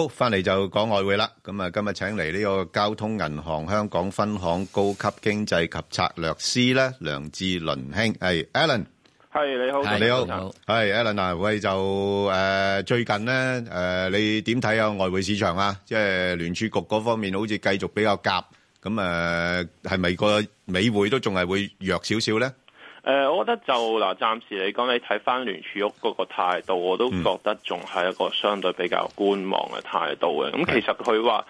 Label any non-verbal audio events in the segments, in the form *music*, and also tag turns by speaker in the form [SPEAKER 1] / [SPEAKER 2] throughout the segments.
[SPEAKER 1] 好，翻嚟就講外匯啦。咁啊，今日請嚟呢個交通銀行香港分行高級經濟及策略師咧，梁志麟兄係 Alan，係
[SPEAKER 2] 你好，你好，
[SPEAKER 1] 係 Alan 嗱，我哋就誒最近咧誒，你點睇有外匯市場啊？即係聯儲局嗰方面好似繼續比較夾，咁誒係咪個美匯都仲係會弱少少咧？
[SPEAKER 2] 誒、呃，我覺得就嗱，暫時嚟講，你睇翻聯儲局嗰個態度，我都覺得仲係一個相對比較觀望嘅態度嘅。咁、嗯、其實佢話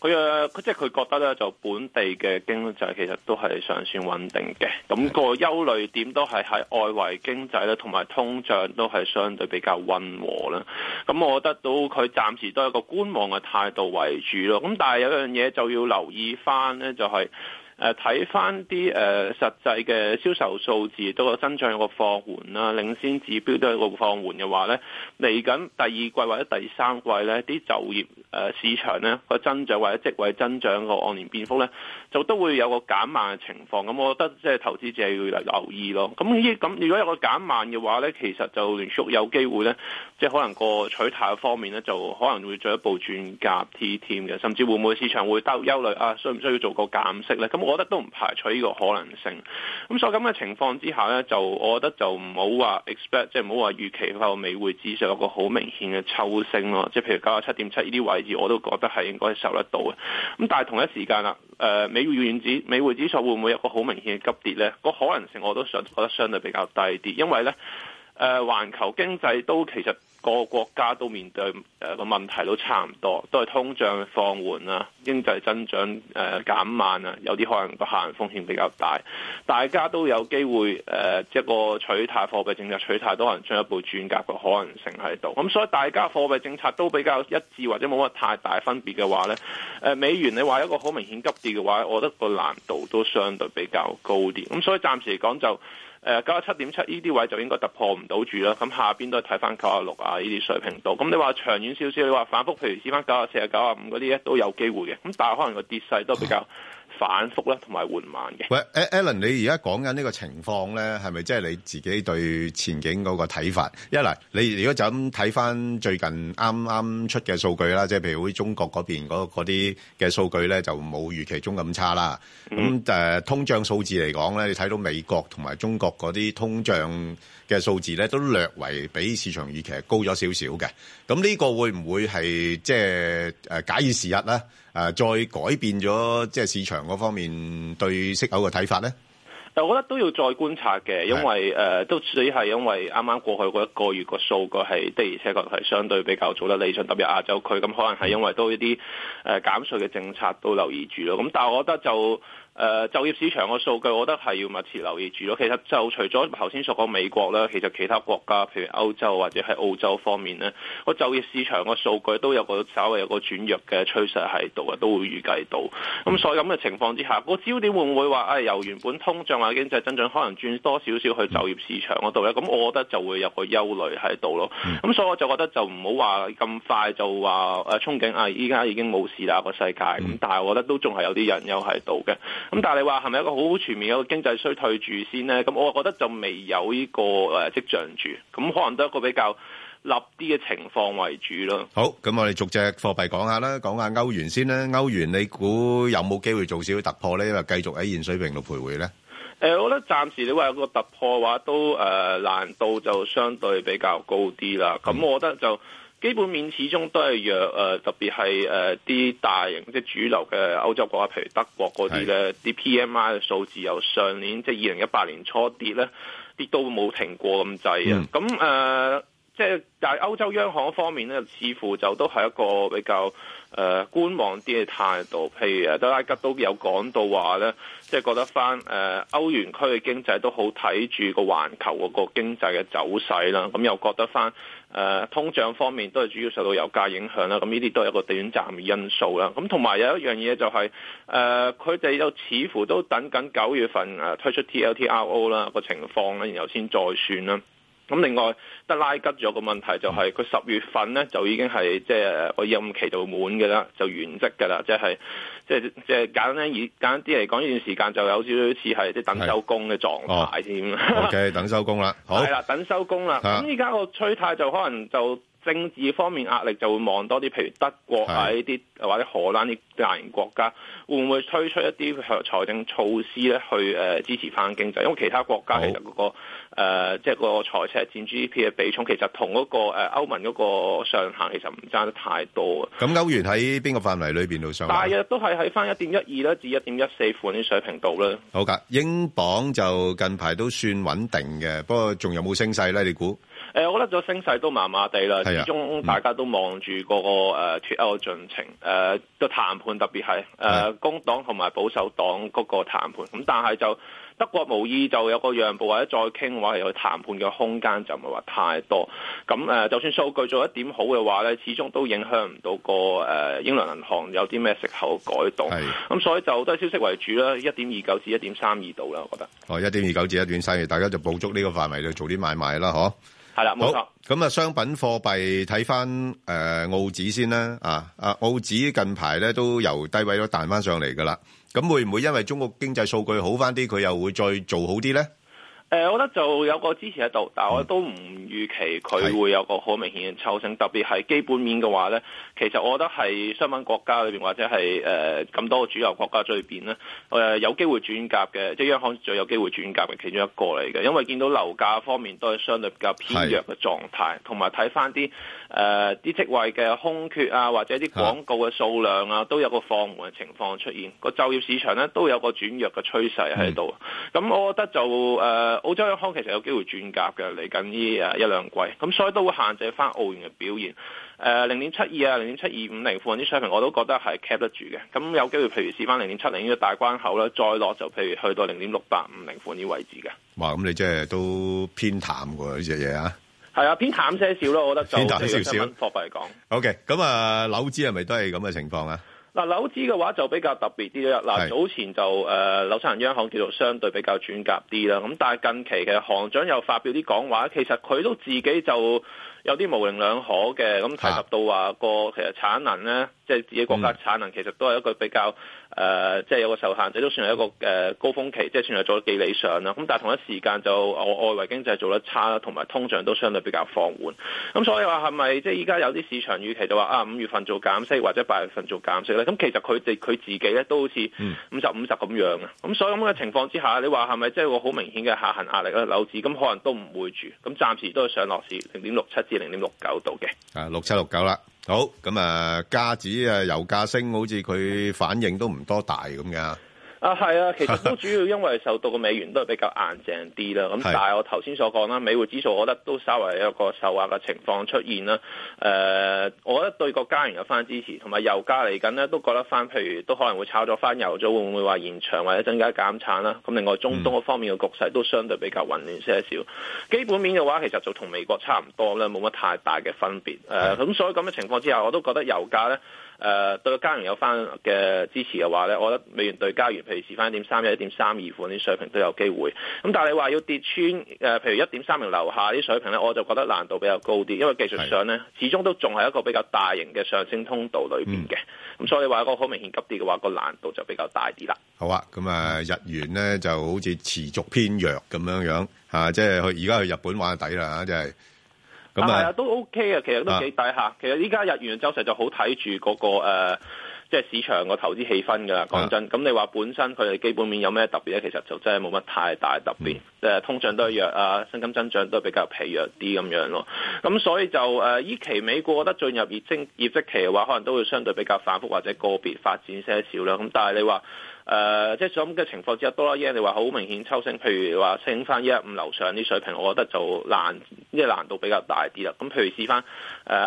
[SPEAKER 2] 佢嘅即係佢覺得咧，就本地嘅經濟其實都係尚算穩定嘅。咁、嗯那個憂慮點都係喺外圍經濟咧，同埋通脹都係相對比較溫和啦。咁我覺得都佢暫時都係一個觀望嘅態度為主咯。咁但係有樣嘢就要留意翻、就、咧、是，就係。誒睇翻啲誒實際嘅銷售數字，都有增長有個放緩啦，領先指標都有個放緩嘅話咧，嚟緊第二季或者第三季咧，啲就業誒市場咧個增長或者職位增長個按年變幅咧，就都會有個減慢嘅情況。咁我覺得即係投資者要留意咯。咁咁，如果有個減慢嘅話咧，其實就連續有機會咧，即係可能個取態方面咧，就可能會進一步轉趨 T 添嘅，甚至會唔會市場會擔憂慮啊，需唔需要做個減息咧？咁我覺得都唔排除呢個可能性。咁所以咁嘅情況之下呢，就我覺得就唔好話 expect，即係唔好話預期佢個美匯指數有個好明顯嘅抽升咯。即係譬如九十七點七呢啲位置，我都覺得係應該受得到嘅。咁但係同一時間啦，誒美匯遠指、美匯指數會唔會有個好明顯嘅急跌呢？個可能性我都想覺得相對比較低啲，因為呢。誒，環球經濟都其實個國家都面對誒個問題都差唔多，都係通脹放緩啦，經濟增長誒、呃、減慢啊，有啲可能個下行風險比較大，大家都有機會誒一個取態貨幣政策取態都可能進一步轉鴿嘅可能性喺度，咁所以大家貨幣政策都比較一致或者冇乜太大分別嘅話呢，美元你話一個好明顯急跌嘅話，我覺得個難度都相對比較高啲，咁所以暫時嚟講就。誒九十七點七，呢啲位就應該突破唔到住啦。咁下邊都係睇翻九啊六啊呢啲水平度。咁你話長遠少少，你話反覆，譬如試翻九啊四啊九啊五嗰啲咧，都有機會嘅。咁但係可能個跌勢都比較。
[SPEAKER 1] 反覆同埋緩慢嘅。喂，Alan，你而家講緊呢個情況咧，係咪即係你自己對前景嗰個睇法？一嚟，你如果就咁睇翻最近啱啱出嘅數據啦，即係譬如好似中國嗰邊嗰啲嘅數據咧，就冇預期中咁差啦。咁、mm-hmm. 誒通脹數字嚟講咧，你睇到美國同埋中國嗰啲通脹嘅數字咧，都略為比市場預期高咗少少嘅。咁呢個會唔會係即係誒假以時日咧？誒、啊，再改變咗即係市場嗰方面對息口嘅睇法咧。
[SPEAKER 2] 我覺得都要再觀察嘅，因為誒、呃、都主要係因為啱啱過去嗰一個月個數據係的，而且確係相對比較做得理想，特別亞洲區咁，可能係因為多一啲誒減稅嘅政策都留意住咯。咁，但係我覺得就。誒、呃、就業市場個數據，我覺得係要密切留意住咯。其實就除咗頭先所講美國啦，其實其他國家，譬如歐洲或者喺澳洲方面咧，個就業市場個數據都有個稍微有個轉弱嘅趨勢喺度啊，都會預計到。咁所以咁嘅情況之下，個焦點會唔會話、哎、由原本通脹或者經濟增長可能轉多少少去就業市場嗰度咧？咁我覺得就會有個憂慮喺度咯。咁所以我就覺得就唔好話咁快就話誒憧憬啊！哎、依家已經冇事啦，個世界咁，但係我覺得都仲係有啲隱憂喺度嘅。咁、嗯、但係你話係咪一個好全面嘅經濟衰退住先咧？咁我覺得就未有呢、這個誒跡象住，咁可能都係一個比較立啲嘅情況為主咯。
[SPEAKER 1] 好，咁我哋逐隻貨幣講下啦，講下歐元先啦。歐元你估有冇機會做少少突破咧？因為繼續喺現水
[SPEAKER 2] 平度徘徊咧。誒、呃，我覺得暫時你話有個突破話都誒、呃、難度就相對比較高啲啦。咁我覺得就。嗯基本面始終都係弱，誒、呃、特別係誒啲大型即係主流嘅歐洲國家，譬如德國嗰啲咧，啲 PMI 嘅數字由上年即係二零一八年初跌咧，跌都冇停過咁滯啊！咁、嗯、誒、呃，即係但係歐洲央行方面咧，似乎就都係一個比較誒、呃、觀望啲嘅態度。譬如德拉吉都有講到話咧，即係覺得翻誒歐元區嘅經濟都好睇住個環球嗰個經濟嘅走勢啦，咁又覺得翻。誒通脹方面都係主要受到油價影響啦，咁呢啲都係一個短暫嘅因素啦。咁同埋有一樣嘢就係、是，誒佢哋又似乎都等緊九月份誒推出 TLTRO 啦個情況咧，然後先再算啦。咁另外得拉吉，咗個問題就係佢十月份咧就已經係即係我任期到滿嘅啦，就完職嘅啦，即係即係簡單講咧，簡單啲嚟講呢段時間就有少少似係即係等收工嘅狀態添。哦、 *laughs* o、okay,
[SPEAKER 1] K，等收工啦，
[SPEAKER 2] 好係啦，等收工啦。咁依家個崔太就可能就。政治方面壓力就會望多啲，譬如德國喺啲，或者荷蘭啲大型國家，會唔會推出一啲財政措施咧，去誒支持翻經濟？因為其他國家其實嗰、嗰個即係、呃就是、個財赤佔 GDP 嘅比重，其實同嗰個誒歐盟嗰個上限其實唔爭得太多。
[SPEAKER 1] 咁歐元喺邊個範圍裏面度上，上？大約
[SPEAKER 2] 都係喺翻一點一二啦，至一點一四款啲水平度啦。
[SPEAKER 1] 好㗎，英鎊就近排都算穩定嘅，不過仲有冇升勢咧？你估？
[SPEAKER 2] 誒，我覺得咗升勢都麻麻地啦。始終大家都望住個個誒脫歐嘅進程誒、啊嗯呃啊呃、個談判，特別係誒工黨同埋保守黨嗰個談判。咁但係就德國無意就有個讓步或者再傾嘅話嚟去談判嘅空間就唔係話太多。咁誒，就算數據做一點好嘅話咧，始終都影響唔到個誒英倫銀行有啲咩食口改動咁、啊嗯、所以就都係消息為主啦，一點二九至一點三二度啦，我覺得。
[SPEAKER 1] 哦，一點二九至一點三二，大家就補足呢個範圍去做啲買賣啦，呵。係啦，冇錯。咁啊，商品貨幣睇翻誒澳紙先啦，啊啊，澳紙近排咧都由低位都彈翻上嚟噶啦。咁會唔會因為中國經濟數據好翻啲，佢又會再做好啲咧？
[SPEAKER 2] 誒，我覺得就有個支持喺度，但我都唔預期佢會有個好明顯嘅抽升，特別係基本面嘅話呢，其實我覺得係商品國家裏面，或者係誒咁多主流國家裏邊呢，有機會轉鴿嘅，即央行最有機會轉鴿嘅其中一個嚟嘅，因為見到樓價方面都係相對比較偏弱嘅狀態，同埋睇翻啲。誒、呃、啲職位嘅空缺啊，或者啲廣告嘅數量啊，都有個放緩嘅情況出現啊。個就業市場呢，都有個轉弱嘅趨勢喺度。咁、嗯、我覺得就誒、呃、澳洲央行其實有機會轉鴿嘅嚟緊呢誒一兩季。咁所以都會限制翻澳元嘅表現。誒零點七二啊，零點七二五零附近啲水平我都覺得係 cap 得住嘅。咁有機會譬如試翻零點七零呢個大關口啦，再落就譬如去到零點六八五零附近呢位置嘅。
[SPEAKER 1] 哇！咁你即係都偏淡喎呢隻嘢啊？
[SPEAKER 2] 係啊，偏淡些少咯，我覺得就偏淡、就是、貨幣嚟講。
[SPEAKER 1] O K. 咁啊，紐市係咪都係
[SPEAKER 2] 咁嘅情況啊？嗱，紐市嘅話就比較特別啲啦。嗱，早前就、呃、紐西蘭央行叫做相對比較轉鴿啲啦。咁但近期嘅行長又發表啲講話，其實佢都自己就有啲模棱兩可嘅，咁提及到話、那個其實產能咧，即、就、係、是、自己國家產能其實都係一個比較。誒、呃，即係有個受限，即係都算係一個誒、呃、高峰期，即係算係做得幾理想啦。咁但係同一時間就我外圍經濟做得差啦，同埋通脹都相對比較放緩。咁所以話係咪即係依家有啲市場預期就話啊，五月份做減息或者八月份做減息咧？咁其實佢哋佢自己咧都好似五十五十咁樣。咁所以咁嘅情況之下，你話係咪即係個好明顯嘅下行壓力咧？樓市咁可能都唔會住，咁暫時都係上落市零點六七至零點六九度嘅。
[SPEAKER 1] 啊，六七六九啦。好，咁啊，加指啊，油價升，好似佢反應都唔多大咁嘅。
[SPEAKER 2] 啊，係啊，其實都主要因為受到個美元都係比較硬淨啲啦。咁 *laughs* 但係我頭先所講啦，美匯指數我覺得都稍微有一個受壓嘅情況出現啦。誒、呃，我覺得對個加元有翻支持，同埋油價嚟緊呢，都覺得翻，譬如都可能會炒咗翻油咗，會唔會話延長或者增加減產啦？咁另外中東嗰方面嘅局勢都相對比較混亂些少。基本面嘅話，其實就同美國差唔多啦，冇乜太大嘅分別。誒、 *laughs* 呃，咁所以咁嘅情況之下，我都覺得油價呢。誒、呃、對加元有翻嘅支持嘅話咧，我覺得美元對加元，譬如試翻一點三、一點三二款啲水平都有機會。咁但係你話要跌穿、呃、譬如一點三零樓下啲水平咧，我就覺得難度比較高啲，因為技術上咧，始終都仲係一個比較大型嘅上升通道裏面嘅。咁、嗯、所以話一個好明顯急跌嘅話，個難度就比較大啲啦。
[SPEAKER 1] 好啊，咁啊，日元咧就好似持續偏弱咁樣樣、啊、即係去而家去日本玩抵啦、啊、即係。
[SPEAKER 2] 咁係、就是、啊，都 OK 都啊，其實都幾大下。其實依家日元嘅走勢就好睇住嗰個、呃、即係市場個投資氣氛噶。講真，咁、啊、你話本身佢哋基本面有咩特別咧？其實就真係冇乜太大特別、嗯。通脹都係弱啊，薪金增長都係比較疲弱啲咁樣咯。咁所以就誒依、呃、期尾覺得進入業績期嘅話，可能都會相對比較反覆或者個別發展些少啦。咁但係你話。誒、呃，即係咁嘅情況之下，多啦依家，你話好明顯抽升，譬如話升翻一一五樓上啲水平，我覺得就難，即係難度比較大啲啦。咁譬如試翻誒，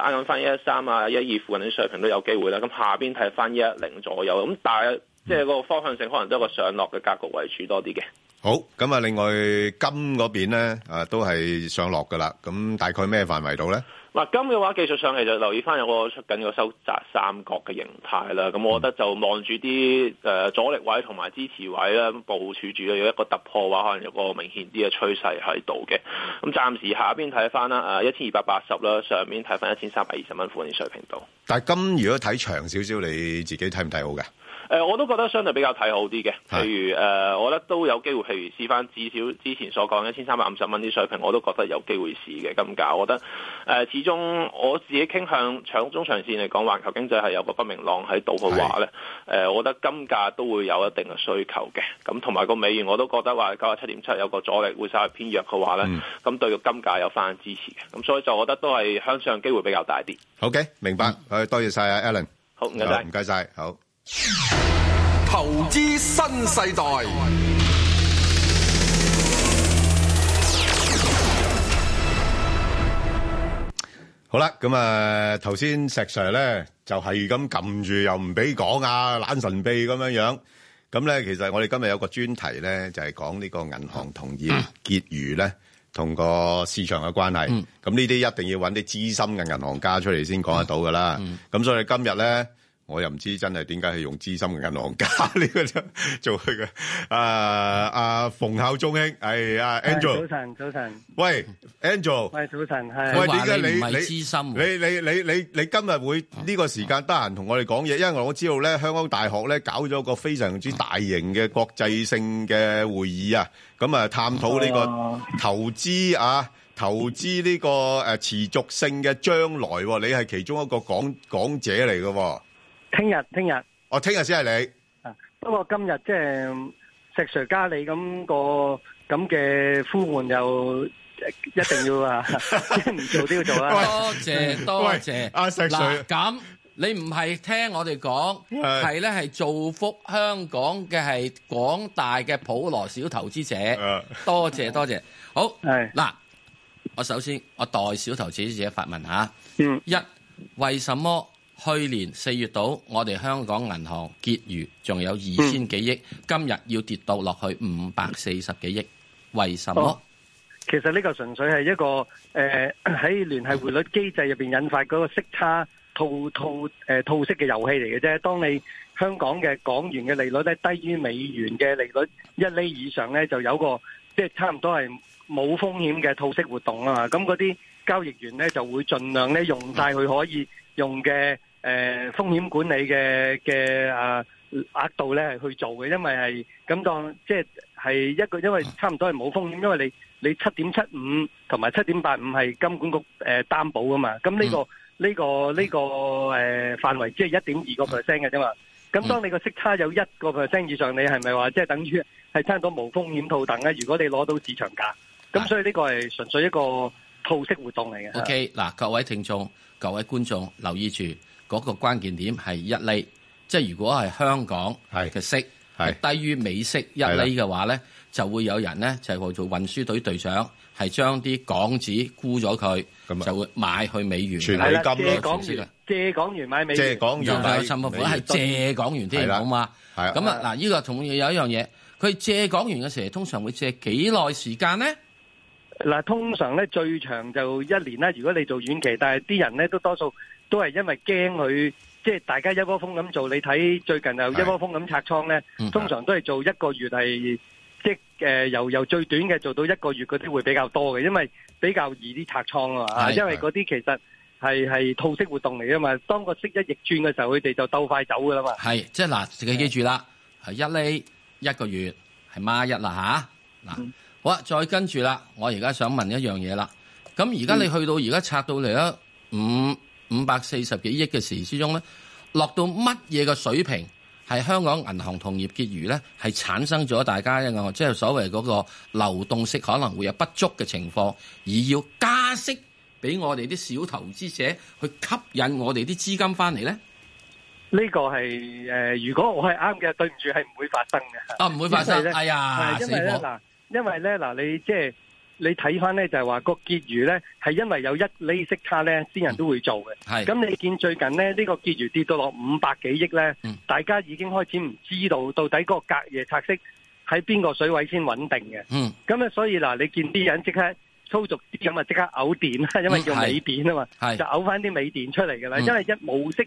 [SPEAKER 2] 啱啱翻一一三啊，一二附近啲水平都有機會啦。咁下邊睇翻一一零左右，咁大即係個方向性可能都係個上落嘅格局為主多啲嘅。
[SPEAKER 1] 好，咁啊，另外金嗰邊咧，啊都係上落噶啦。咁大概咩範圍度咧？
[SPEAKER 2] 嗱，金嘅話技術上其實留意翻有個出緊個收窄三角嘅形態啦，咁我覺得就望住啲誒阻力位同埋支持位啦，部署住有一個突破話，可能有個明顯啲嘅趨勢喺度嘅。咁暫時下邊睇翻啦，誒一千二百八十啦，上面睇翻一千三百二十蚊附近水平度。
[SPEAKER 1] 但係金如果睇長少少，你自己睇唔睇好嘅？
[SPEAKER 2] 誒，我都覺得相對比較睇好啲嘅，譬如誒、呃，我覺得都有機會，譬如試翻至少之前所講一千三百五十蚊啲水平，我都覺得有機會試嘅金價，我覺得誒、呃，始終我自己傾向長中長線嚟講，環球經濟係有個不明朗喺度嘅話咧，誒、呃，我覺得金價都會有一定嘅需求嘅，咁同埋個美元我都覺得話九十七點七有個阻力，會稍為偏弱嘅話咧，咁、嗯、對個金價有翻支持嘅，咁所以就我覺得都係向上機會比較大啲。
[SPEAKER 1] OK，明白，誒、嗯，多謝晒啊，Allen。
[SPEAKER 2] 好，唔該晒。唔該晒，唔
[SPEAKER 1] 該晒，好。
[SPEAKER 2] 投資新世代，新世代
[SPEAKER 1] 好啦，咁啊頭先石 Sir 咧就係咁撳住，又唔俾講啊，懶神秘咁樣樣。咁咧，其實我哋今日有個專題咧，就係講呢個銀行同業、嗯、結餘咧同個市場嘅關係。咁呢啲一定要搵啲資深嘅銀行家出嚟先講得到噶啦。咁、嗯、所以今日咧。我又唔知真係點解係用資深嘅銀行家呢個做佢嘅。誒誒，馮孝忠兄，係啊，Andrew，早晨，早晨，喂，Andrew，喂，早
[SPEAKER 3] 晨，係，喂，點解你你唔係資深，你
[SPEAKER 1] 你你你你今日會呢個時間得閒同我哋講嘢，因為我我知道咧，香港大學咧搞咗個非常之大型嘅國際性嘅會議啊，咁啊，探討呢個投資啊，投資呢個誒持續性嘅將來，你係其中一個講講者嚟嘅。聽日，聽日，我聽日先係你。
[SPEAKER 3] 啊，不過今日即係石 Sir 加你咁、咁個咁嘅、那個、呼喚，又一定要啊，即係唔 *laughs* *laughs* 做都要做啦。多謝，多謝。阿、啊、石 Sir，
[SPEAKER 4] 咁你唔係聽我哋講，係咧係造福香港嘅係廣大嘅普羅小投資者、啊。多謝，多謝。好，係嗱，我首先我代小投資者發問吓。嗯，一為什麼？去年四月到，我哋香港銀行結餘仲有二千幾億，嗯，今日要跌到落去五百四十幾億，為什麼？
[SPEAKER 3] 其實呢個純粹係一個誒喺聯繫匯率機制入邊引發嗰個息差套套誒套息嘅遊戲嚟嘅啫。當你香港嘅港元嘅利率咧低於美元嘅利率一厘以上咧，就有個即係差唔多係冇風險嘅套息活動啦。咁嗰啲交易員咧就會盡量咧用晒佢可以。用嘅誒、呃、風險管理嘅嘅啊額度咧係去做嘅，因為係咁當即係一個，因為差唔多係冇風險，因為你你七點七五同埋七點八五係金管局誒擔、呃、保噶嘛，咁呢、這個呢、嗯這個呢、這個誒範圍即係一點二個 percent 嘅啫嘛。咁、呃、當你個息差有一個 percent 以上，你係咪話即係等於係差唔多冇風險套戥咧？如果你攞到市場價，咁所以呢個係純粹一個。套式
[SPEAKER 4] 活動嚟嘅。OK，嗱，各位聽眾、各位觀眾，留意住嗰個關鍵點係一厘，即係如果係香港嘅息係低於美息一厘嘅話咧，就會有人咧就係做運輸隊隊長，係將啲港紙沽咗佢，就會買去美元。係啦，借港元，借港元買美
[SPEAKER 3] 元，借港元買
[SPEAKER 4] 新貨款，係借港元添，好嘛？係。咁啊，嗱，呢個同有一樣嘢，佢借港元
[SPEAKER 3] 嘅時候，通常會借幾耐時間咧？嗱，通常咧最長就一年啦。如果你做遠期，但係啲人咧都多數都係因為驚佢，即係大家一窩蜂咁做。你睇最近又一窩蜂咁拆倉咧，通常都係做一個月係，即係誒由由最短嘅做到一個月嗰啲會比較多嘅，因為比較易啲拆倉啊嘛。因為嗰啲其實係係套息活動嚟啊嘛。當個息一逆轉嘅時候，佢哋就鬥快走噶啦嘛。
[SPEAKER 4] 係，即係嗱，自己記住啦，係一厘一個月係孖一啦吓嗱。啊嗯好啦，再跟住啦，我而家想問一樣嘢啦。咁而家你去到而家拆到嚟啦五五百四十幾億嘅時之中咧，落到乜嘢嘅水平係香港銀行同業結餘咧，係產生咗大家一個即係所謂嗰個流動性可能會有不足嘅情況，而要加息俾我哋啲小投資者去吸引我哋啲資金翻嚟咧？
[SPEAKER 3] 呢、這個係誒、呃，如果我係啱嘅，對唔住係唔會發生嘅，啊唔會發生？哎呀，因為咧，嗱你即、就、係、是、你睇翻咧，就係、是、話個結餘咧係因為有一厘息差咧，先人都會做嘅。係、嗯、咁你見最近咧呢、這個結餘跌到落五百幾億咧，大家已經開始唔知道到底嗰個隔夜拆息喺邊個水位先穩定嘅。嗯，咁咧所以嗱，你見啲人即刻操作啲咁啊，即刻嘔電啦，因為叫尾電啊嘛，嗯、就嘔翻啲尾電出嚟嘅啦，因為一冇息。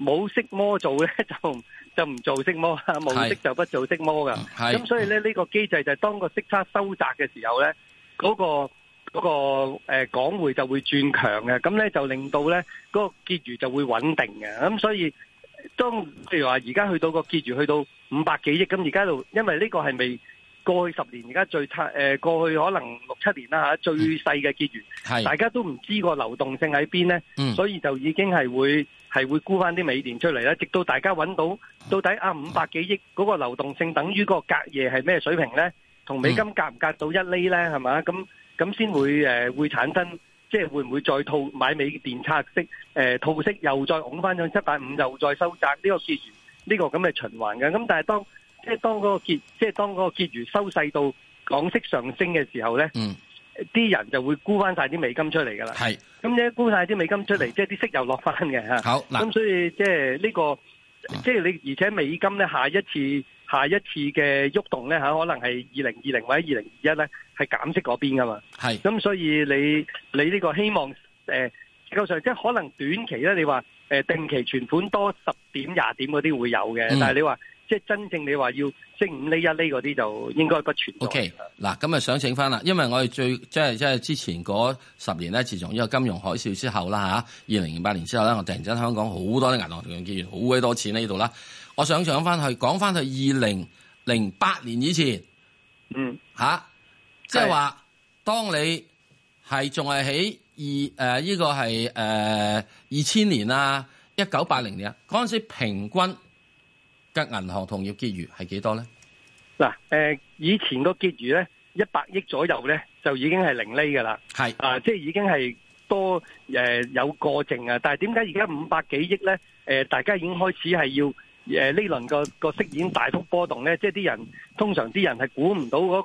[SPEAKER 3] 冇色摩做咧，就就唔做色摩啊，冇色就不做色摩㗎。咁所以咧，呢個機制就係當個息差收窄嘅時候咧，嗰個嗰個誒港匯就會轉強嘅，咁咧就令到咧嗰個結餘就會穩定嘅。咁所以當譬如話而家去到個結餘去到五百幾億，咁而家就因為呢個係未。過去十年現在，而家最差誒，過去可能六七年啦嚇，最細嘅結餘，係、嗯、大家都唔知個流動性喺邊咧，所以就已經係會係會沽翻啲美電出嚟啦。直到大家揾到到底啊五百幾億嗰個流動性等於嗰個隔夜係咩水平咧，同美金隔唔隔到一厘咧係咪？咁咁先會誒、呃、會產生，即係會唔會再套買美電拆息誒套息，又再拱翻上七百五，又再收窄呢個結餘呢、呢個咁嘅循環嘅。咁但係當即係當嗰個結，即係當嗰個結餘收細到港息上升嘅時候咧，啲、嗯、人就會沽翻晒啲美金出嚟噶啦。係咁你沽晒啲美金出嚟，嗯，即係啲息又落翻嘅吓。好，咁所以、嗯、即係呢、呢個，即係你而且美金咧，下一次下一次嘅喐動咧吓，可能係二零二零或者二零二一咧，係減息嗰邊噶嘛。係咁，所以你你呢個希望誒，事實、呃、上即係可能短期咧，你話誒定期存款多十點廿點嗰啲會有嘅、嗯，但係你話。即係真正你話要升五釐一釐嗰啲，就應該不存在。OK，
[SPEAKER 4] 嗱咁啊，想請翻啦，因為我哋最即係即係之前嗰十年咧，自從呢個金融海嘯之後啦吓，二零零八年之後咧，我突然之間香港好多啲銀行同業結餘好鬼多錢呢度啦。我想想翻去講翻去二零零八年以前，嗯吓、啊，
[SPEAKER 3] 即係話
[SPEAKER 4] 當你係仲係喺二誒呢個係二千年啊，一九八零年嗰陣時平
[SPEAKER 3] 均，吉銀行同業結餘係幾多呢？嗱，誒，以前個結餘呢，一百億左右呢，就已經係零厘噶啦。係啊，即係已經係多誒、呃、有過剩啊。但係點解而家五百幾億呢？誒、呃，大家已經開始係要誒呢輪個個息已大幅波動呢？即係啲人通常啲人係估唔到嗰、嗰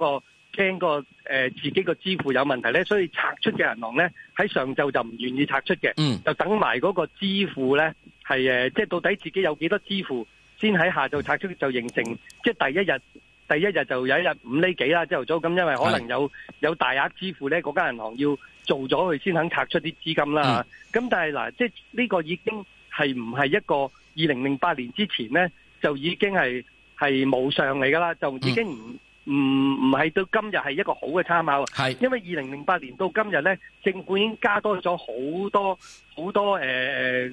[SPEAKER 3] 個驚、嗰個誒、呃、自己個支付有問題呢，所以拆出嘅銀行呢，喺上晝就唔願意拆出嘅、嗯。就等埋嗰個支付呢，係誒，即係到底自己有幾多支付？先喺下晝拆出就形成，即係第一日第一日就有一日五厘幾啦。朝頭早咁，因為可能有有大額支付咧，嗰間銀行要做咗佢先肯拆出啲資金啦。咁但係嗱，即係呢個已經係唔係一個二零零八年之前咧，就已經係係冇上嚟噶啦，就已經唔唔唔係到今日係一個好嘅參考。係，因為二零零八年到今日咧，政府已經加多咗好多好多誒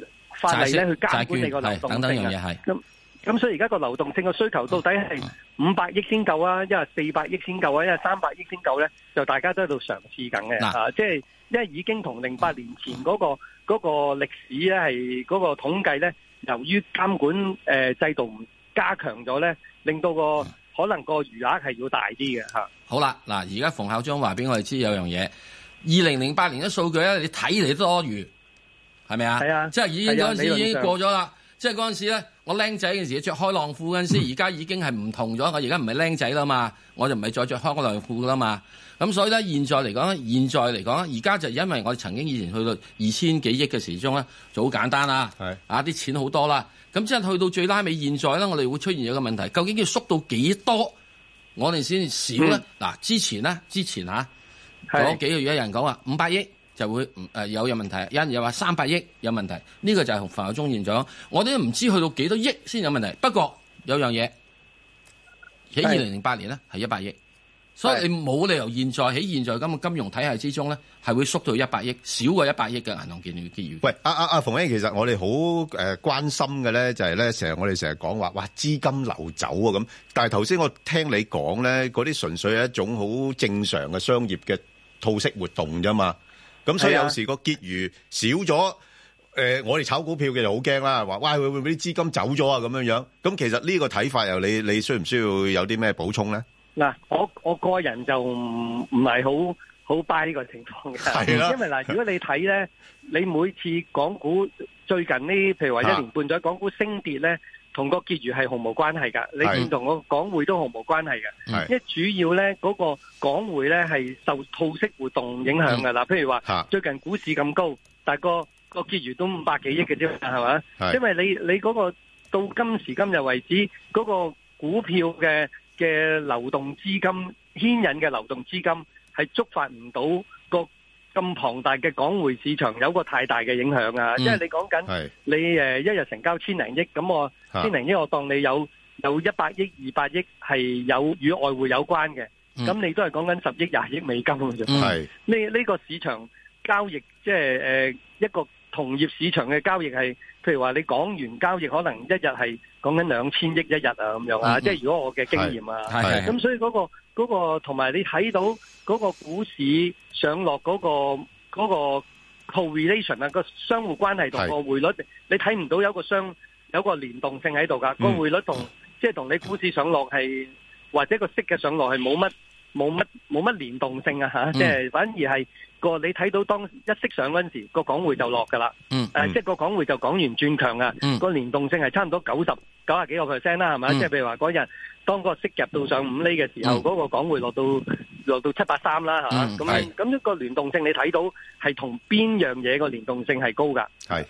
[SPEAKER 3] 誒法例咧去監管你個流動性。係，等等樣嘢係。咁所以而家個流動性嘅需求到底係五百億先夠啊，一係四百億先夠啊，一係三百億先夠咧，就大家都喺度嘗試緊嘅吓，即係因為已經同零八年前嗰、那個嗰、那個歷史咧係嗰個統計咧，由於監管誒、呃、制度唔加強咗咧，令到個可能個餘額係要大啲嘅吓。
[SPEAKER 4] 好啦，嗱而家馮孝忠話俾我哋知有樣嘢，二零零八年嘅數據咧，你睇嚟都多餘，係咪啊？係啊，即係已經嗰陣時已經過咗啦。即係嗰陣時咧，我僆仔嗰陣時著開浪褲嗰陣時，而家已經係唔同咗。我而家唔係僆仔啦嘛，我就唔係再著開嗰條褲啦嘛。咁所以咧，現在嚟講，現在嚟講，而家就因為我曾經以前去到二千幾億嘅時鐘咧，就好簡單啦。係啊，啲錢好多啦。咁即係去到最拉尾，現在咧，我哋會出現一個問題，究竟要縮到幾多，我哋先少咧？嗱、嗯，之前咧，之前啊，嗰幾個月有人講話，五百億。就會誒有有問題，有人又話三百億有問題，呢個就係同馮孝忠言咗。我哋都唔知道去到幾多億先有問題。不過有樣嘢喺二零零八年呢，係一百億，所以你冇理由現在喺現在咁嘅金融體系之中呢，係會縮到一百億，少過一百億嘅銀行結餘。
[SPEAKER 1] 喂，阿阿阿馮兄，其實我哋好誒關心嘅呢，就係呢成日我哋成日講話哇資金流走啊咁，但係頭先我聽你講呢，嗰啲純粹係一種好正常嘅商業嘅套息活動啫嘛。咁所以有時個結餘少咗，誒，我哋炒股票嘅就好驚啦，話，哇，佢會唔會啲資金走咗啊？咁樣樣，咁其實呢個睇法又你，你需唔需要有啲咩補充咧？嗱，我
[SPEAKER 3] 我個人就唔唔係好好 buy 呢個情況嘅，係啦，因為嗱，如果你睇咧，你每次港股最近呢，譬如話一年半載，港股升跌咧。同個結餘係毫無關係噶，你連同個港匯都毫無關係嘅，因為主要咧嗰個港匯咧係受套息活動影響嘅。嗱，譬如話最近股市咁高，但個個結餘都五百幾億嘅啫，係嘛？因為你你嗰個到今時今日為止嗰個股票嘅嘅流動資金牽引嘅流動資金係觸發唔到。咁龐大嘅港匯市場有個太大嘅影響啊！即、嗯、係、就是、你講緊你一日成交千零億，咁我、啊、千零億我當你有有一百億二百億係有與外匯有關嘅，咁、嗯、你都係講緊十億廿、嗯、億美金嘅啫。呢呢、uh, 這個市場交易即係、就是 uh, 一個同業市場嘅交易係，譬如話你講完交易可能一日係講緊兩千億一日啊咁樣啊！即、啊、係、就是、如果我嘅經驗啊，咁、uh, 所以嗰、那個。嗰個同埋你睇到嗰個股市上落嗰個嗰個 correlation 啊個相互關係同個匯率，你睇唔到有個相有個聯動性喺度噶，嗯個匯率同即係同你股市上落係或者個息嘅上落係冇乜冇乜冇乜聯動性啊嚇，即係反而係。個你睇到當一息上嗰陣時，個港匯就落噶啦，誒，即係個港匯就港元轉強啊，個聯動性係差唔多九十九啊幾個 percent 啦，係咪？即係譬如話嗰日當個息入到上五厘嘅時候，嗰個港匯落到落到七八三啦，吓，咁咁一個聯動性你睇到係同邊樣嘢個聯動性係高噶？
[SPEAKER 1] 係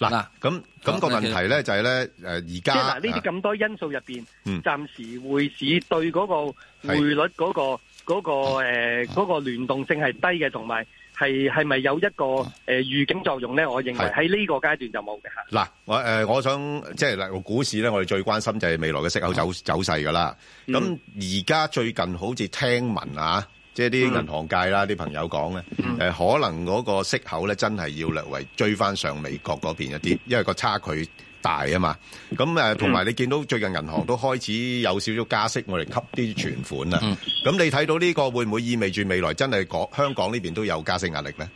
[SPEAKER 1] 嗱嗱，咁咁個問題咧就係咧，誒而家即係嗱呢啲
[SPEAKER 3] 咁多因素入邊，暫時匯市對嗰個匯率嗰個。嗰個誒嗰個聯動性係低嘅，同埋係係咪有一個誒預警作用咧？我認為喺呢個階段就冇嘅嚇。
[SPEAKER 1] 嗱，我誒我想即係例如股市咧，我哋最關心就係未來嘅息口走走勢噶啦。咁而家最近好似聽聞啊，即係啲銀行界啦啲朋友講咧，誒可能嗰個息口咧真係要略為追翻上美國嗰邊一啲，因為個差距。大啊嘛，咁同埋你見到最近銀行都開始有少少加息，我哋吸啲存款啊。咁、嗯、你睇到呢個會唔會意味住未來真係講香港呢邊都有加息壓力咧？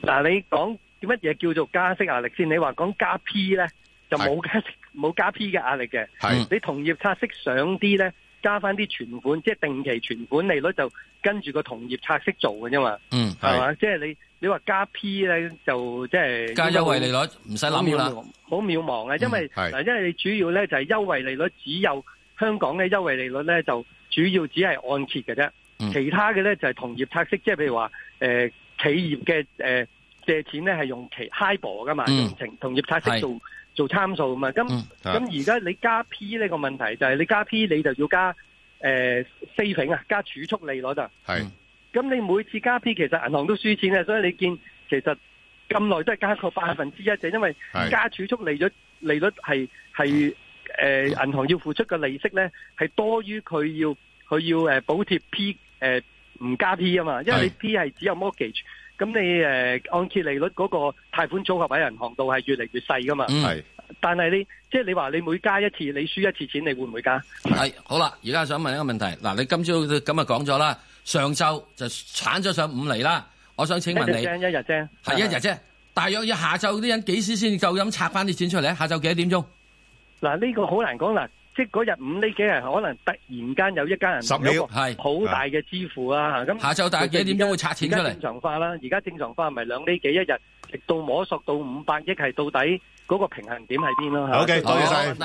[SPEAKER 1] 嗱、啊，你
[SPEAKER 3] 講乜嘢叫做加息壓力先？你話講加 P 咧，就冇加息冇加，加 P 嘅壓力嘅。係你同業拆息上啲咧，加翻啲存款，即係定期存款利率就跟住個同業拆息做嘅啫嘛。嗯，係嘛？即係你。你話加 P 咧就即係加優惠利率，唔使諗啦，好渺，渺茫啊！因為嗱、嗯，因為你主要咧就係、是、優惠利率只有香港嘅優惠利率咧就主要只係按揭嘅啫、嗯，其他嘅咧就係、是、同業拆息，即係譬如話誒、呃、企業嘅誒、呃、借錢咧係用其 HIBOR 噶嘛，用、嗯、同同業拆息做做參數啊嘛，咁咁而家你加 P 呢、那個問題就係你加 P 你就要加誒 saving 啊，呃、saving，加儲蓄利率啊。嗯嗯咁你每次加 P，其實銀行都輸錢啊！所以你見其實咁耐都係加個百分之一，就因為加儲蓄利率，利率係係誒銀行要付出嘅利息咧，係多於佢要佢要誒補貼 P 誒唔加 P 啊嘛！因為你 P 係只有 mortgage，咁你誒按揭利率嗰個貸款組合喺銀行度係越嚟越細噶嘛。係，但係你即係你話你每加一次，你輸一次錢，你會唔會加？
[SPEAKER 4] 係好啦，而家想問一個問題嗱，你今朝咁啊講咗啦。上晝就鏟咗上五厘啦，我想請問你一
[SPEAKER 3] 日啫，一日啫，
[SPEAKER 4] 大約要下晝啲人幾時先夠咁拆翻啲錢出嚟咧？下晝幾多點鐘？
[SPEAKER 3] 嗱，呢個好難講嗱，即係嗰日五厘幾日可能突然間有一家人有個好大嘅支付啊，咁下晝大幾點鐘會拆錢出嚟？而家正常化啦，而家正常化咪兩厘幾一日，直到摸索到五百億係到底嗰個平衡點喺邊咯？嚇。好嘅，多謝曬。